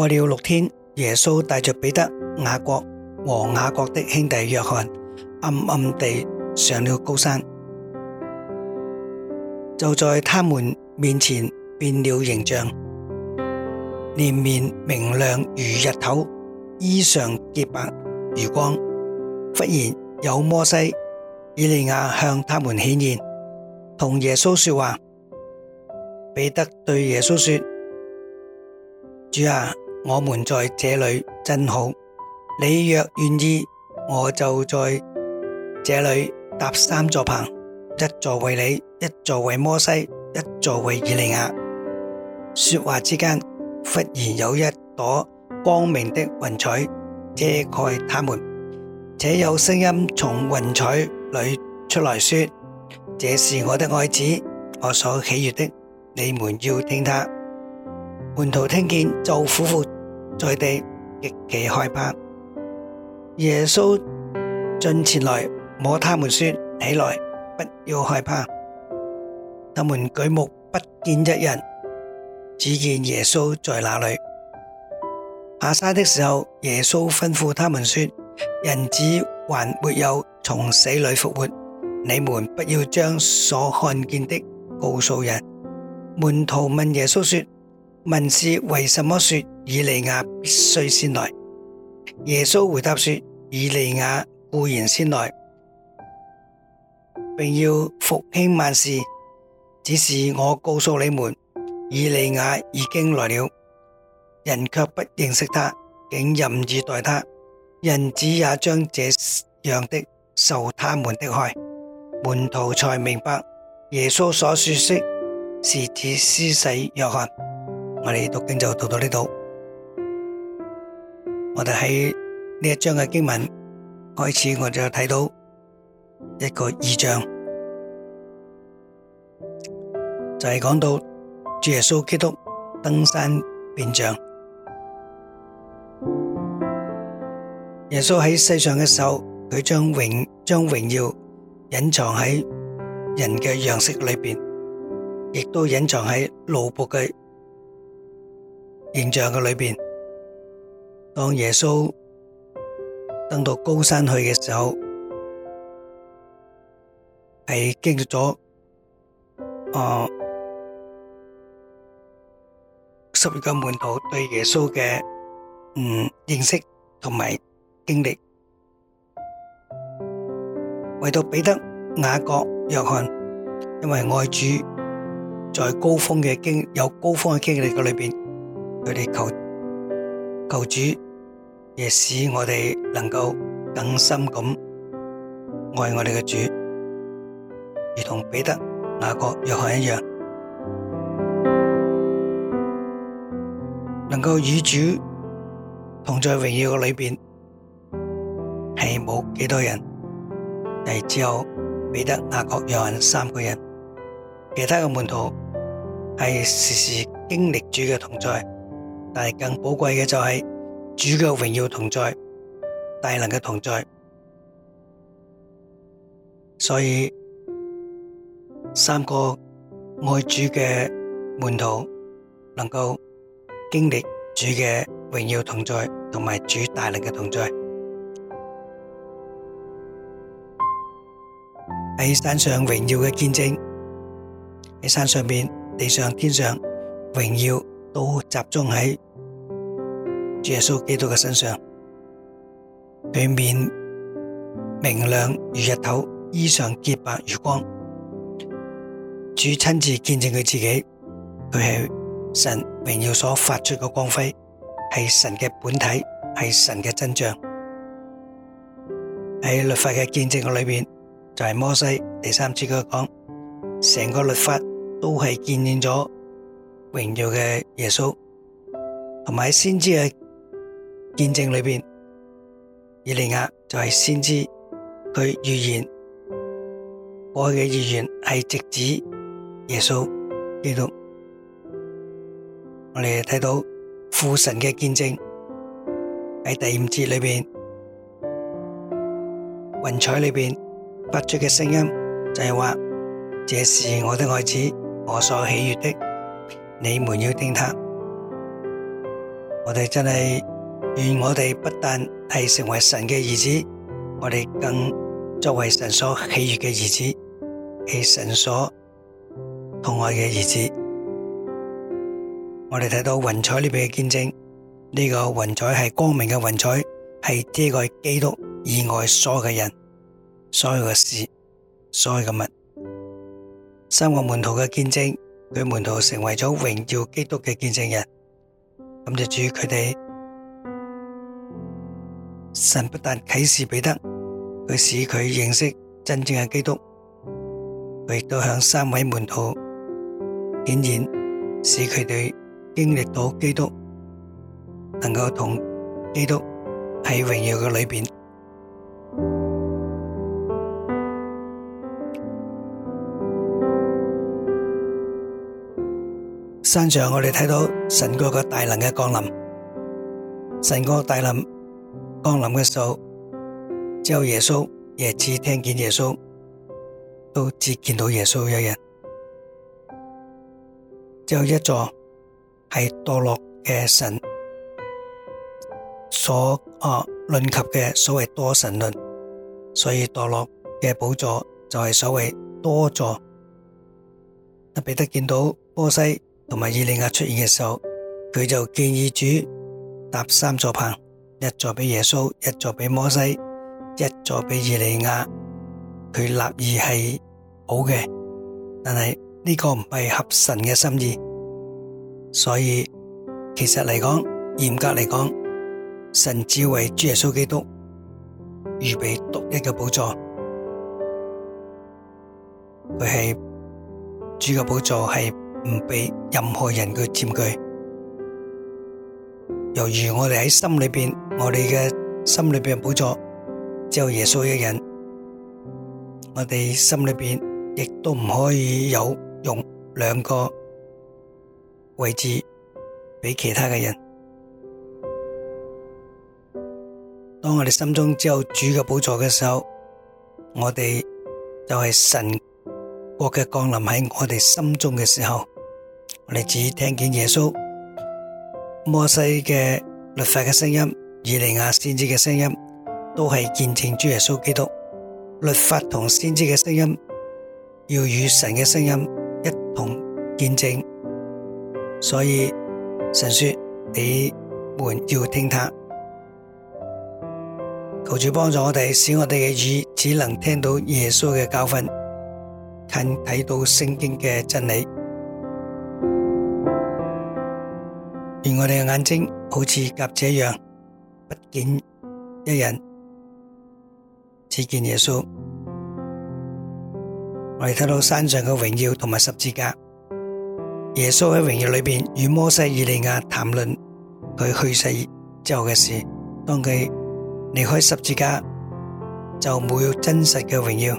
過了六天，耶穌帶着彼得、雅各和雅各的兄弟約翰，暗暗地上了高山，就在他們面前變了形象，臉面明亮如日頭，衣裳潔白如光。忽然有摩西、以利亞向他們顯現，同耶穌說話。彼得對耶穌說：主啊！我們在這裏真好，你若願意，我就在這裏搭三座棚，一座為你，一座為摩西，一座為以利亞。說話之間，忽然有一朵光明的雲彩遮蓋他們，且有聲音從雲彩裏出來說：這是我的愛子，我所喜悅的，你們要聽他。門徒聽見就俯伏。在地極其害怕，耶穌進前來摸他們說：起來，不要害怕。他們舉目不見一人，只見耶穌在那裏。下山的時候，耶穌吩咐他們說：人子還沒有從死裏復活，你們不要將所看見的告訴人。門徒問耶穌說：文士為什麼說以利亞必須先來？耶穌回答說：以利亞固然先來，並要復興萬事，只是我告訴你們，以利亞已經來了，人卻不認識他，竟任意待他，人子也將這樣的受他們的害。門徒才明白耶穌所說的是指施洗約翰。我哋讀經就讀到呢度，我哋喺呢一章嘅經文開始，我哋就睇到一個異象，就係講到主耶穌基督登山變像。耶穌喺世上嘅時候，佢將榮將榮耀隱藏喺人嘅樣式裏邊，亦都隱藏喺奴僕嘅。形象嘅裏邊，當耶穌登到高山去嘅時候，係經歷咗誒十二個門徒對耶穌嘅唔認識同埋經歷，唯獨彼得、雅各、約翰，因為愛主，在高峰嘅經有高峰嘅經歷嘅裏邊。佢哋求求主，亦使我哋能夠更深咁愛我哋嘅主，如同彼得、雅各、約翰一樣，能夠與主同在榮耀嘅裏面，係冇幾多人，但係只有彼得、雅各、約翰三個人，其他嘅門徒係時時經歷主嘅同在。但係更寶貴嘅就係主嘅榮耀同在、大能嘅同在，所以三個愛主嘅門徒能夠經歷主嘅榮耀同在同埋主大能嘅同在，喺山上榮耀嘅見證，喺山上邊、地上、天上榮耀。都集中喺主耶穌基督嘅身上，佢面明亮如日頭，衣裳潔白如光。主親自見證佢自己，佢係神榮耀所發出嘅光輝，係神嘅本體，係神嘅真像。喺律法嘅見證裏面，就係摩西第三次佢講，成個律法都係見證咗。榮耀嘅耶穌，同埋先知嘅見證裏邊，以利亞就係先知，佢預言，我嘅預言係直指耶穌基督。我哋睇到父神嘅見證喺第五節裏邊，雲彩裏邊發出嘅聲音就係話：這是我的愛子，我所喜悦的。你們要聽他，我哋真係願我哋不但係成為神嘅兒子，我哋更作為神所喜悅嘅兒子，係神所疼愛嘅兒子。我哋睇到雲彩裡面嘅見證，呢、這個雲彩係光明嘅雲彩，係呢個基督以外所有嘅人，所有嘅事，所有嘅物。三個門徒嘅見證。佢門徒成為咗榮耀基督嘅見證人，咁就主佢哋。神不但啟示彼得，佢使佢認識真正嘅基督，佢亦都向三位門徒顯現，使佢哋經歷到基督，能夠同基督喺榮耀嘅裏邊。山上我哋睇到神嗰個大能嘅降臨，神嗰個大能降臨嘅時候，只有耶穌，也只聽見耶穌，都只見到耶穌一人。只有一座係墮落嘅神所啊論及嘅所謂多神論，所以墮落嘅寶座就係所謂多座。特別得見到波西。同埋以利亞出現嘅時候，佢就建議主搭三座棚，一座俾耶穌，一座俾摩西，一座俾以利亞。佢立意係好嘅，但係呢個唔係合神嘅心意。所以其實嚟講，嚴格嚟講，神只為主耶穌基督預備獨一嘅寶座，佢係，主嘅寶座係。唔俾任何人去佔據。由於我哋喺心裏邊，我哋嘅心裏邊嘅寶座，只有耶穌一個人。我哋心裏邊亦都唔可以有用兩個位置俾其他嘅人。當我哋心中只有主嘅寶座嘅時候，我哋就係神國嘅降臨喺我哋心中嘅時候。我哋只聽見耶穌摩西嘅律法嘅聲音，以利亞先知嘅聲音，都係見證主耶穌基督。律法同先知嘅聲音，要與神嘅聲音一同見證。所以神說：你們要聽他。求主幫助我哋，使我哋嘅耳只能聽到耶穌嘅教訓，近睇到聖經嘅真理。而我哋嘅眼睛好似鴿子一樣，不見一人，只見耶穌。我哋睇到山上嘅榮耀同埋十字架。耶穌喺榮耀裏邊，與摩西以利亞談論佢去世之後嘅事。當佢離開十字架，就冇真實嘅榮耀。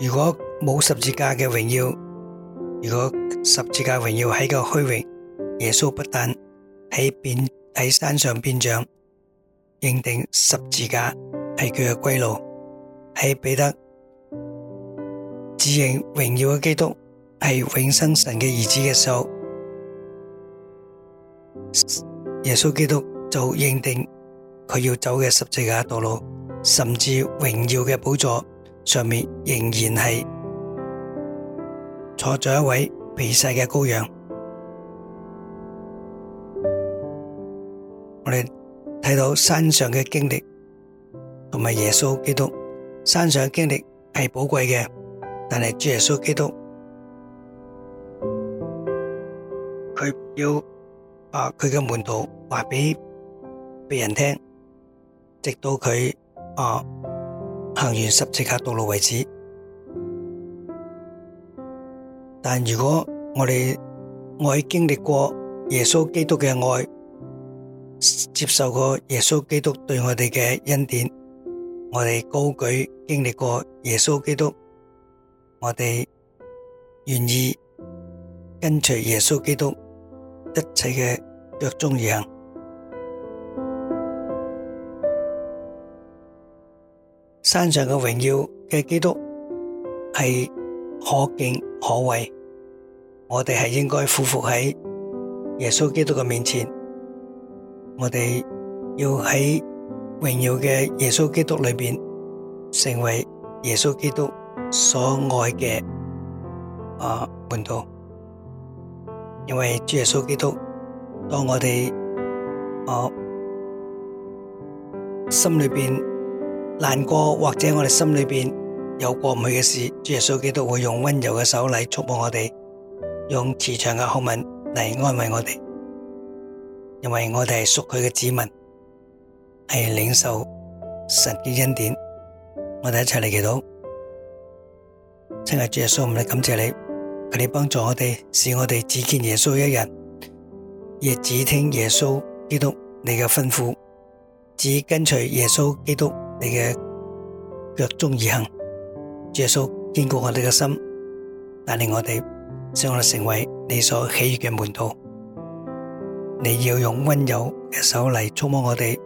如果冇十字架嘅榮耀，如果十字架榮耀喺個虛榮，耶穌不但喺喺山上變像，認定十字架係佢嘅歸路；喺彼得自認榮耀嘅基督係永生神嘅兒子嘅時候，耶穌基督就認定佢要走嘅十字架道路，甚至榮耀嘅寶座上面仍然係。坐咗一位被世嘅羔羊，我哋睇到山上嘅經歷，同埋耶穌基督山上嘅經歷係寶貴嘅，但係主耶穌基督，佢要把佢嘅門徒話俾俾人聽，直到佢啊行完十字架道路為止。但如果我哋愛經歷過耶穌基督嘅愛，接受過耶穌基督對我哋嘅恩典，我哋高舉經歷過耶穌基督，我哋願意跟隨耶穌基督一切嘅腳蹤而行，山上嘅榮耀嘅基督係可敬可畏。我哋係應該俯伏喺耶穌基督嘅面前，我哋要喺榮耀嘅耶穌基督裏邊，成為耶穌基督所愛嘅啊門徒。因為主耶穌基督，當我哋啊心裏邊難過，或者我哋心裏邊有過唔去嘅事，主耶穌基督會用溫柔嘅手嚟觸碰我哋。用慈祥嘅口吻嚟安慰我哋，因為我哋係屬佢嘅子民，係領受神嘅恩典。我哋一齊嚟祈禱，親愛主耶穌，我哋感謝你，他們幫助我哋，使我哋只見耶穌一人，亦只聽耶穌基督你嘅吩咐，只跟隨耶穌基督你嘅腳蹤而行。耶穌堅固我哋嘅心，帶領我哋。使我哋成為你所喜悅嘅門徒，你要用溫柔嘅手嚟觸摸我哋，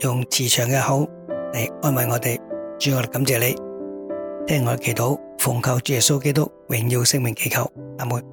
用慈祥嘅口嚟安慰我哋。主，我哋感謝你，聽我嘅祈禱，奉靠主耶穌基督榮耀聖名祈求阿門。